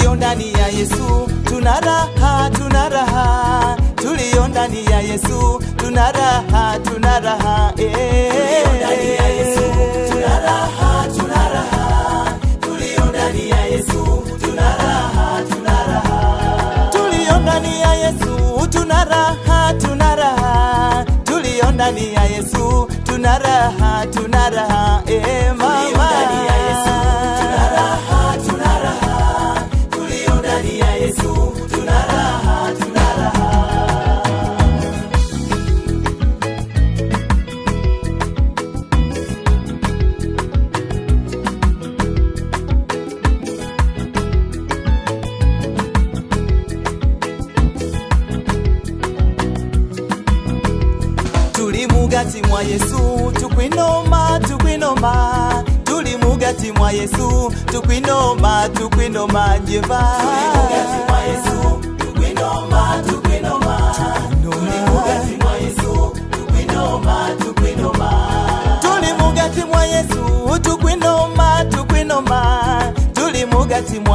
tulio ndani ya Yesu tuna raha, tuna raha, tulio ndani ya Yesu tuna raha, tuna raha, tulio ndani ya Yesu tuna raha, tuna raha, tulio ndani ya Yesu tuna raha, tuna raha, mugati mwa Yesu tukwinoma tukwinoma tuli mugati mwa Yesu tukwinoma tukwinoma jeva tuli mugati mwa Yesu tukwinoma tukwinoma tuli mugati mwa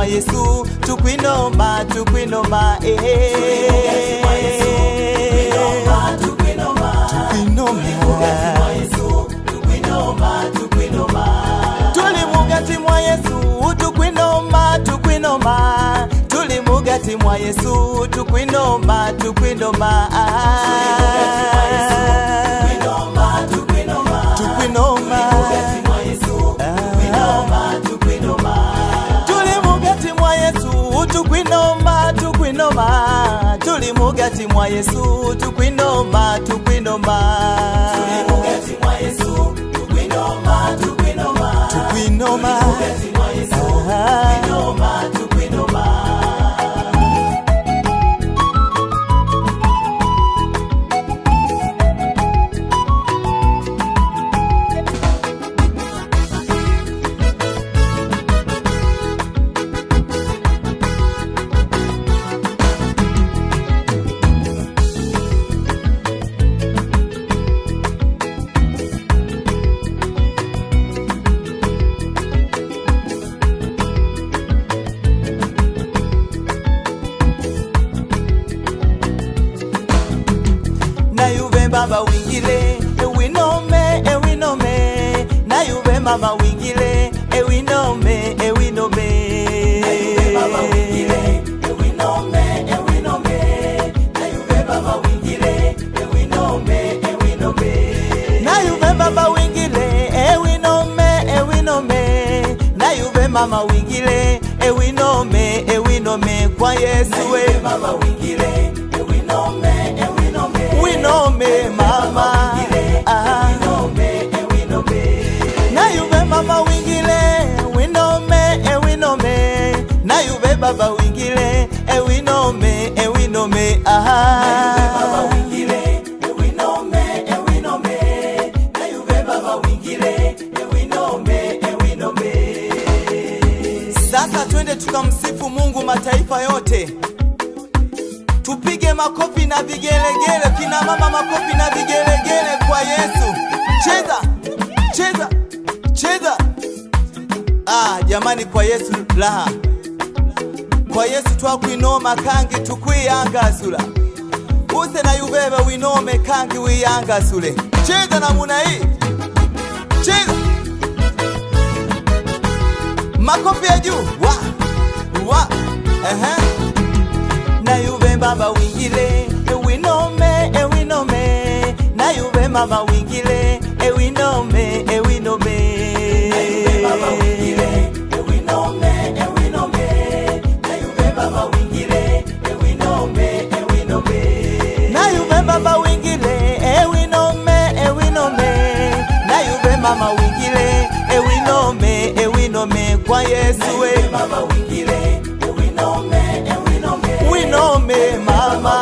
Yesu tukwinoma tukwinoma ehe eh. tulimugati mwa Yesu tukwinoma tukwinoma Tulimukati mwa Yesu tukwindomba tukwindomba tukwindomba tukwindomba mama wingile ewinome ewinome nayube mama wingile ewinome ewinome nayube mama wingile mama wingile mama wingile mama wingile ewinome ewinome kwa Yesu we mama wingile baba wingile ewinome ewinome aha Sasa twende tukamsifu Mungu mataifa yote, tupige makofi na vigelegele. Kina mama, makofi na vigelegele kwa Yesu! Cheza cheza cheza! Ah, jamani, kwa Yesu raha kwa yesu twakwinoma kangi tukwiyangasula use nayuveve winome kangi wiyangasule cida namuna iyi cida makofi ya juu wa wa ehe nayuve mbamba wingile baba wingile ewinome ewinome nayuve mama wingile ewinome ewinome kwa yesu we winome mama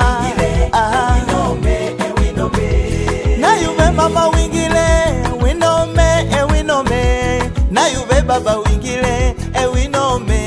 nayuve mama wingile ewinome ewinome nayuve baba wingile ewinome